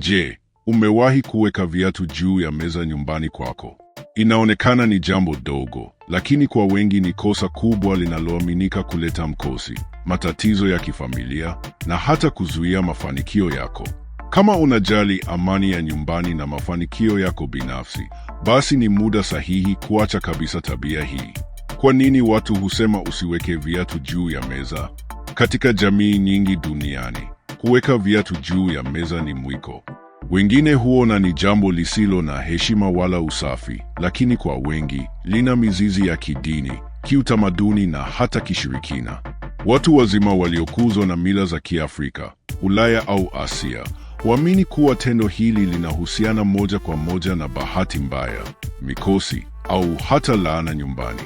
Je, umewahi kuweka viatu juu ya meza nyumbani kwako? Inaonekana ni jambo dogo, lakini kwa wengi ni kosa kubwa linaloaminika kuleta mkosi, matatizo ya kifamilia na hata kuzuia mafanikio yako. Kama unajali amani ya nyumbani na mafanikio yako binafsi, basi ni muda sahihi kuacha kabisa tabia hii. Kwa nini watu husema usiweke viatu juu ya meza? Katika jamii nyingi duniani kuweka viatu juu ya meza ni mwiko. Wengine huona ni jambo lisilo na heshima wala usafi, lakini kwa wengi lina mizizi ya kidini, kiutamaduni na hata kishirikina. Watu wazima waliokuzwa na mila za Kiafrika, Ulaya au Asia huamini kuwa tendo hili linahusiana moja kwa moja na bahati mbaya, mikosi au hata laana nyumbani.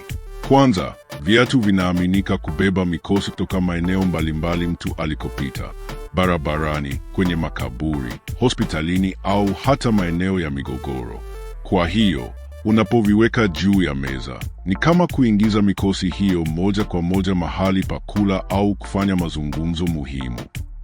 Kwanza, viatu vinaaminika kubeba mikosi kutoka maeneo mbalimbali mtu alikopita, barabarani, kwenye makaburi, hospitalini au hata maeneo ya migogoro. Kwa hiyo unapoviweka juu ya meza ni kama kuingiza mikosi hiyo moja kwa moja mahali pa kula au kufanya mazungumzo muhimu.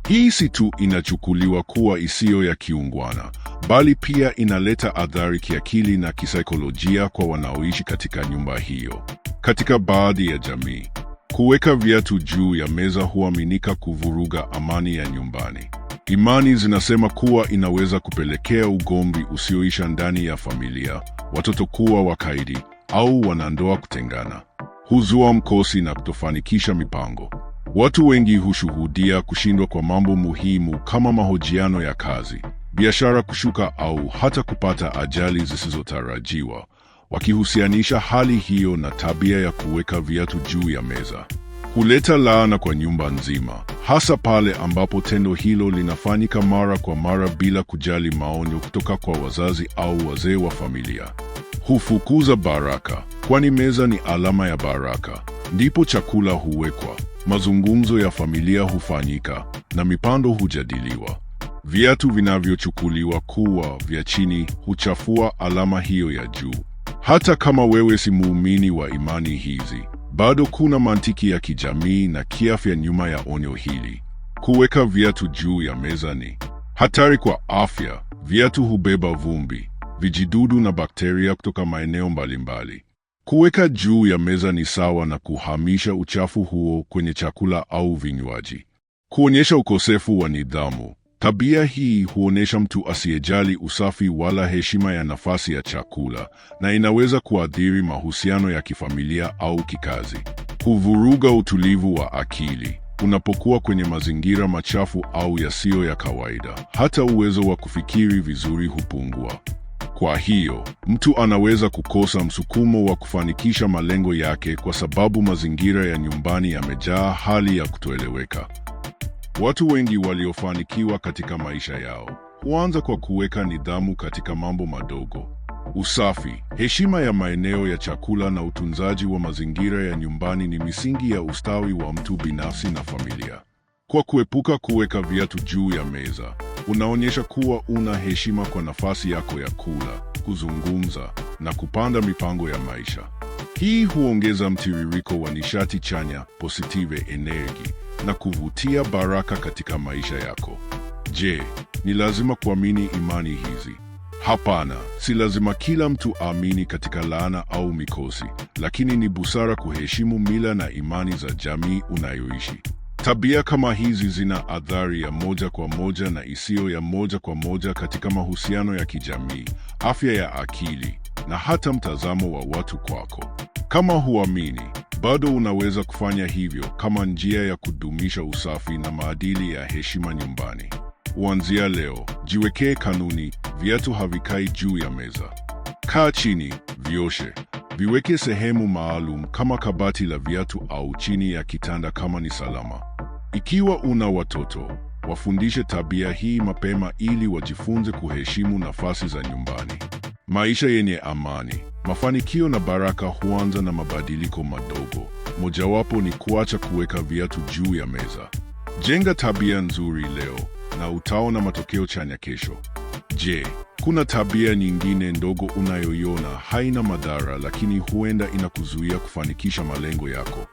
Hii si tu inachukuliwa kuwa isiyo ya kiungwana, bali pia inaleta athari kiakili na kisaikolojia kwa wanaoishi katika nyumba hiyo. Katika baadhi ya jamii Kuweka viatu juu ya meza huaminika kuvuruga amani ya nyumbani. Imani zinasema kuwa inaweza kupelekea ugomvi usioisha ndani ya familia, watoto kuwa wakaidi au wanandoa kutengana. Huzua mkosi na kutofanikisha mipango. Watu wengi hushuhudia kushindwa kwa mambo muhimu kama mahojiano ya kazi, biashara kushuka au hata kupata ajali zisizotarajiwa wakihusianisha hali hiyo na tabia ya kuweka viatu juu ya meza kuleta laana kwa nyumba nzima, hasa pale ambapo tendo hilo linafanyika mara kwa mara bila kujali maonyo kutoka kwa wazazi au wazee wa familia. Hufukuza baraka, kwani meza ni alama ya baraka. Ndipo chakula huwekwa, mazungumzo ya familia hufanyika na mipando hujadiliwa. Viatu vinavyochukuliwa kuwa vya chini huchafua alama hiyo ya juu. Hata kama wewe si muumini wa imani hizi, bado kuna mantiki ya kijamii na kiafya nyuma ya onyo hili. Kuweka viatu juu ya meza ni hatari kwa afya. Viatu hubeba vumbi, vijidudu na bakteria kutoka maeneo mbalimbali. Kuweka juu ya meza ni sawa na kuhamisha uchafu huo kwenye chakula au vinywaji. Kuonyesha ukosefu wa nidhamu, Tabia hii huonyesha mtu asiyejali usafi wala heshima ya nafasi ya chakula na inaweza kuathiri mahusiano ya kifamilia au kikazi. Huvuruga utulivu wa akili unapokuwa kwenye mazingira machafu au yasiyo ya kawaida. Hata uwezo wa kufikiri vizuri hupungua. Kwa hiyo, mtu anaweza kukosa msukumo wa kufanikisha malengo yake kwa sababu mazingira ya nyumbani yamejaa hali ya kutoeleweka. Watu wengi waliofanikiwa katika maisha yao huanza kwa kuweka nidhamu katika mambo madogo: usafi, heshima ya maeneo ya chakula na utunzaji wa mazingira ya nyumbani ni misingi ya ustawi wa mtu binafsi na familia. Kwa kuepuka kuweka viatu juu ya meza, unaonyesha kuwa una heshima kwa nafasi yako ya kula, kuzungumza na kupanga mipango ya maisha. Hii huongeza mtiririko wa nishati chanya, positive energy na kuvutia baraka katika maisha yako. Je, ni lazima kuamini imani hizi? Hapana, si lazima kila mtu aamini katika laana au mikosi, lakini ni busara kuheshimu mila na imani za jamii unayoishi. Tabia kama hizi zina athari ya moja kwa moja na isiyo ya moja kwa moja katika mahusiano ya kijamii, afya ya akili na hata mtazamo wa watu kwako. Kama huamini bado unaweza kufanya hivyo kama njia ya kudumisha usafi na maadili ya heshima nyumbani. Kuanzia leo, jiwekee kanuni: viatu havikai juu ya meza. Kaa chini, vioshe. Viweke sehemu maalum kama kabati la viatu au chini ya kitanda kama ni salama. Ikiwa una watoto, wafundishe tabia hii mapema ili wajifunze kuheshimu nafasi za nyumbani. Maisha yenye amani Mafanikio na baraka huanza na mabadiliko madogo. Mojawapo ni kuacha kuweka viatu juu ya meza. Jenga tabia nzuri leo na utaona matokeo chanya kesho. Je, kuna tabia nyingine ndogo unayoiona haina madhara lakini huenda inakuzuia kufanikisha malengo yako?